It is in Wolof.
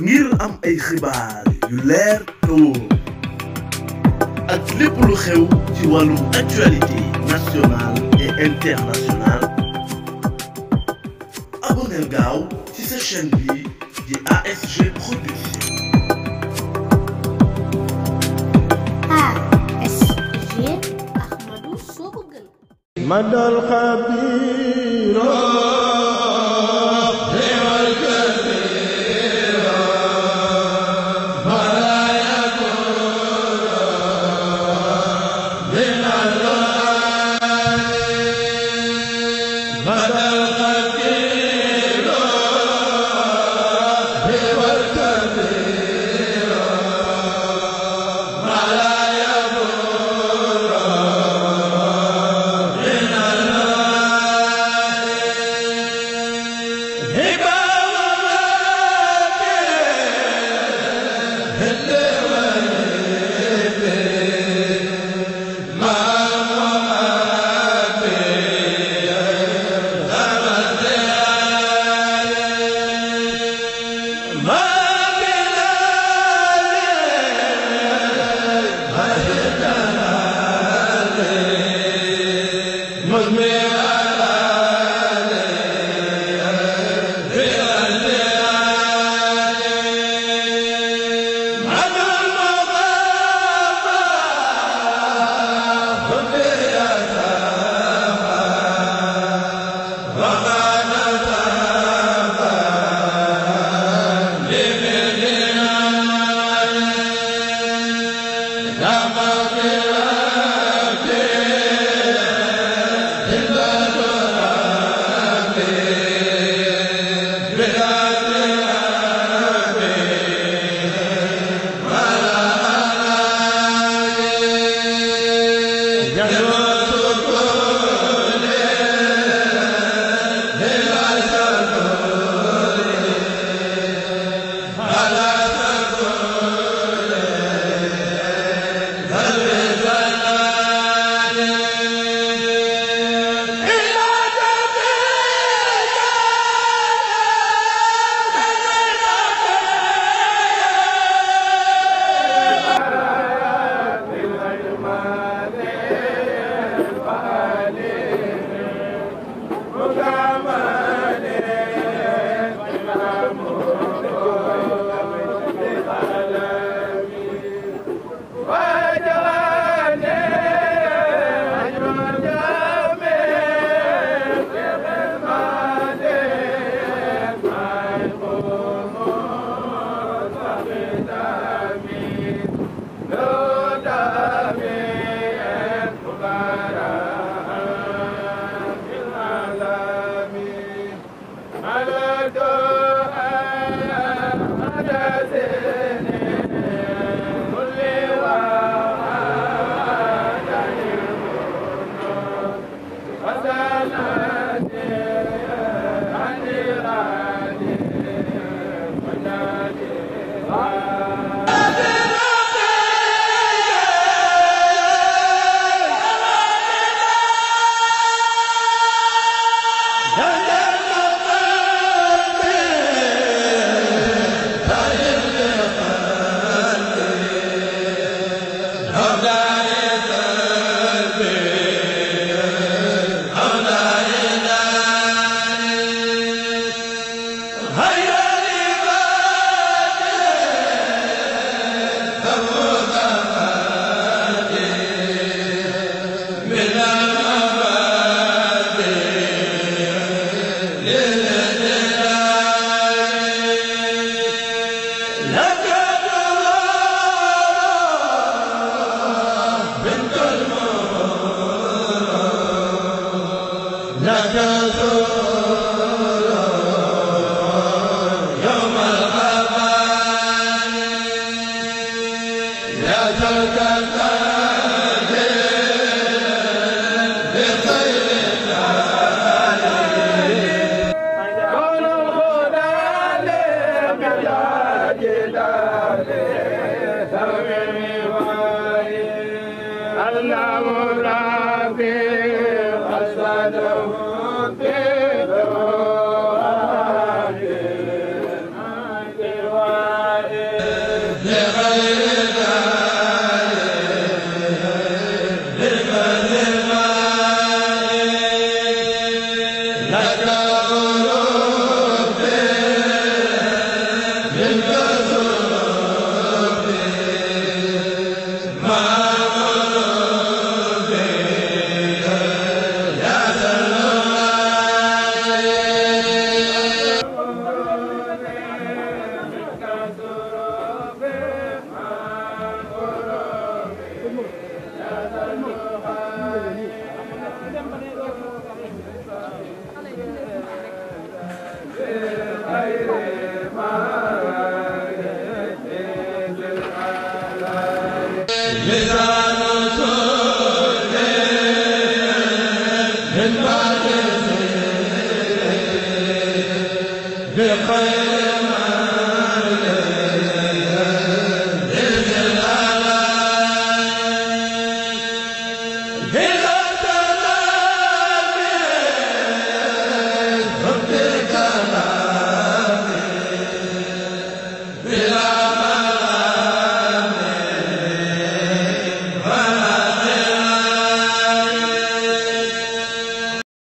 ngir am ay xibaar yu leer te wóor ak lépp lu xew ci actualité nationale et internationale abonné gaaw ci cette chaîne bi ASG Production ASG Ahmadou Sokguen madal xabiro ala do ala ala Amen. Mizrah.